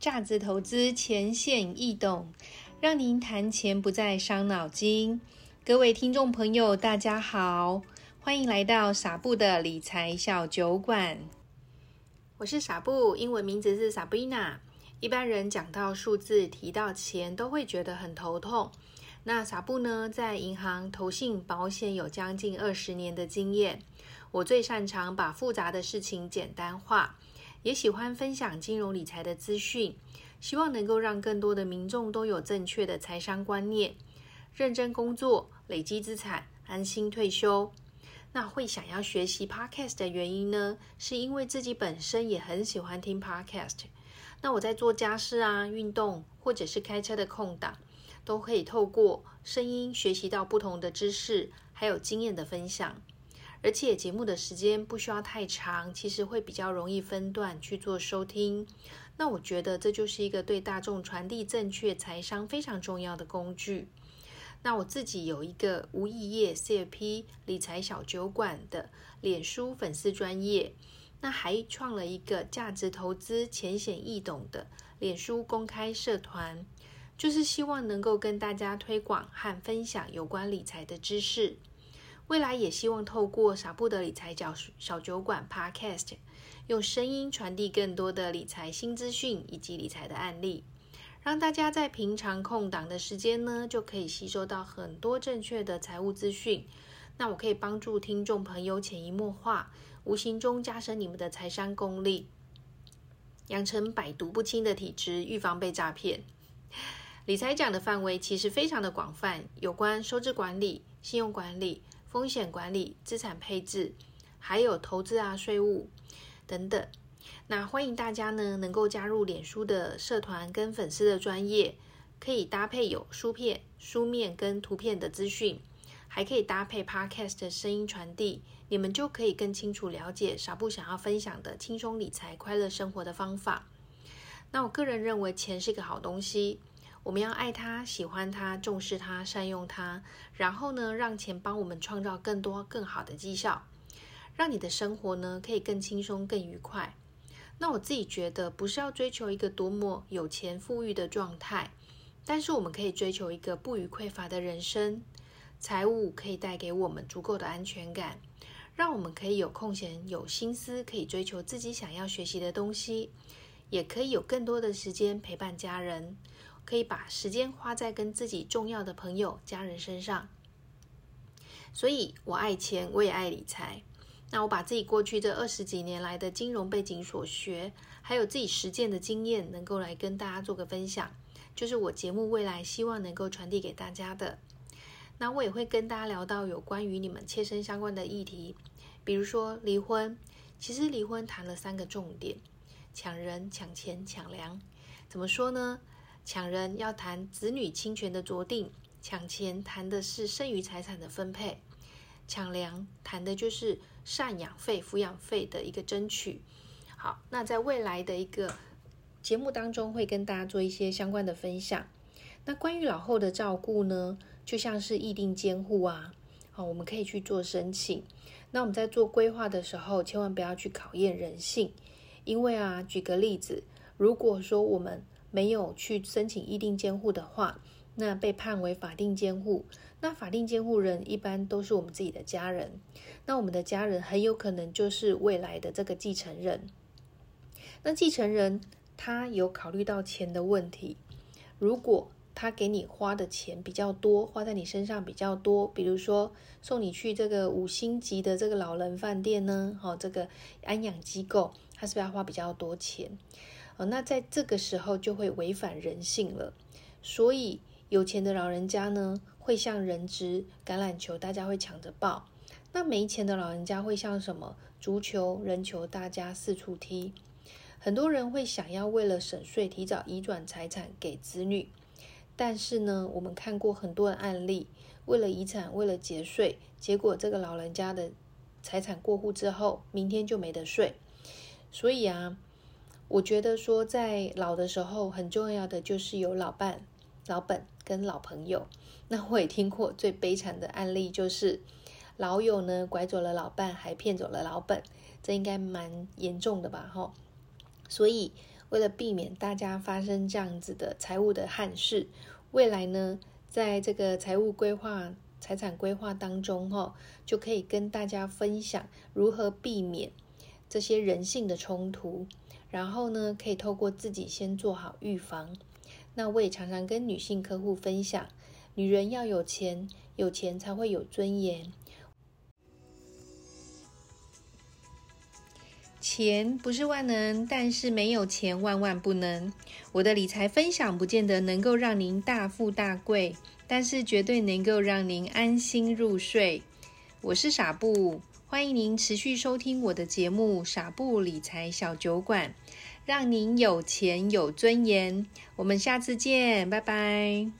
價值投資，淺顯易懂，讓您談錢不再傷腦筋。各位聽眾朋友，大家好，歡迎來到傻布的理財小酒館。我是傻布，英文名字是 Sabrina。一般人講到數字、提到錢，都會覺得很頭痛。那傻布呢，在銀行、投信、保險有將近二十年的經驗。我最擅長把複雜的事情簡單化。也喜歡分享金融理財的資訊，希望能夠讓更多的民眾都有正確的財商觀念，認真工作，累積資產，安心退休。那會想要學習 Podcast 的原因呢，是因為自己本身也很喜歡聽 Podcast。那我在做家事啊、運動或者是開車的空檔，都可以透過聲音學習到不同的知識，還有經驗的分享。而且節目的時間不需要太長，其實會比較容易分段去做收聽。那我覺得這就是一個對大眾傳遞正確財商非常重要的工具。那我自己有一個無意業 CFP 理財小酒館的臉書粉絲專頁，那還創了一個價值投資淺顯易懂的臉書公開社團，就是希望能夠跟大家推廣和分享有關理財的知識。未來也希望透過傻布的理財小小酒館 Podcast，用聲音傳遞更多的理財新資訊以及理財的案例，讓大家在平常空檔的時間呢，就可以吸收到很多正確的財務資訊。那我可以幫助聽眾朋友潛移默化，無形中加深你們的財商功力，養成百毒不侵的體質，預防被詐騙。理財講的範圍其實非常的廣泛，有關收支管理、信用管理。風險管理、資產配置，還有投資啊、稅務等等，那歡迎大家呢能夠加入臉書的社團跟粉絲的專業，可以搭配有書片、書面跟圖片的資訊，還可以搭配 Podcast 的聲音傳遞，你們就可以更清楚了解傻布想要分享的輕鬆理財、快樂生活的方法。那我個人認為，錢是一個好東西。我們要愛他，喜歡他，重視他，善用他，然後呢，讓錢幫我們創造更多更好的績效，讓你的生活呢可以更輕鬆、更愉快。那我自己覺得，不是要追求一個多麼有錢富裕的狀態，但是我們可以追求一個不虞匱乏的人生。財務可以帶給我們足夠的安全感，讓我們可以有空閒、有心思，可以追求自己想要學習的東西，也可以有更多的時間陪伴家人。可以把時間花在跟自己重要的朋友、家人身上。所以，我愛錢，我也愛理財。那我把自己過去這二十幾年來的金融背景所學，還有自己實踐的經驗，能夠來跟大家做個分享，就是我節目未來希望能夠傳遞給大家的。那我也會跟大家聊到有關於你們切身相關的議題，比如說離婚。其實離婚談了三個重點：搶人、搶錢、搶糧。怎麼說呢？搶人要談子女親權的酌定，搶錢談的是剩餘財產的分配，搶糧談的就是贍養費、撫養費的一個爭取。好，那在未來的一個節目當中，會跟大家做一些相關的分享。那關於老後的照顧呢，就像是意定監護啊，好，我們可以去做申請。那我們在做規劃的時候，千萬不要去考驗人性，因為啊，舉個例子，如果說我們沒有去申請意定監護的話，那被判為法定監護。那法定監護人一般都是我們自己的家人。那我們的家人很有可能就是未來的這個繼承人。那繼承人他有考慮到錢的問題。如果他給你花的錢比較多，花在你身上比較多，比如說送你去這個五星級的這個老人飯店呢，好，這個安養機構，他是不是要花比較多錢？那在這個時候就會違反人性了。所以有錢的老人家呢，會像人質橄欖球，大家會搶着抱；那沒錢的老人家會像什麼足球人球，大家四處踢。很多人會想要為了省稅，提早移轉財產給子女，但是呢，我們看過很多的案例，為了遺產，為了節稅，結果這個老人家的財產過戶之後，明天就沒得睡。所以啊。我覺得說，在老的時候，很重要的就是有老伴、老本跟老朋友。那我也聽過最悲慘的案例，就是老友呢拐走了老伴，還騙走了老本，這應該蠻嚴重的吧？吼。所以為了避免大家發生這樣子的財務的憾事，未來呢，在這個財務規劃、財產規劃當中，吼，就可以跟大家分享如何避免這些人性的衝突。然後呢，可以透過自己先做好預防。那我也常常跟女性客戶分享：女人要有錢，有錢才會有尊嚴。錢不是萬能，但是沒有錢萬萬不能。我的理財分享不見得能夠讓您大富大貴，但是絕對能夠讓您安心入睡。我是傻布。歡迎您持續收聽我的節目《傻布理財小酒館》，讓您有錢有尊嚴。我們下次見，拜拜。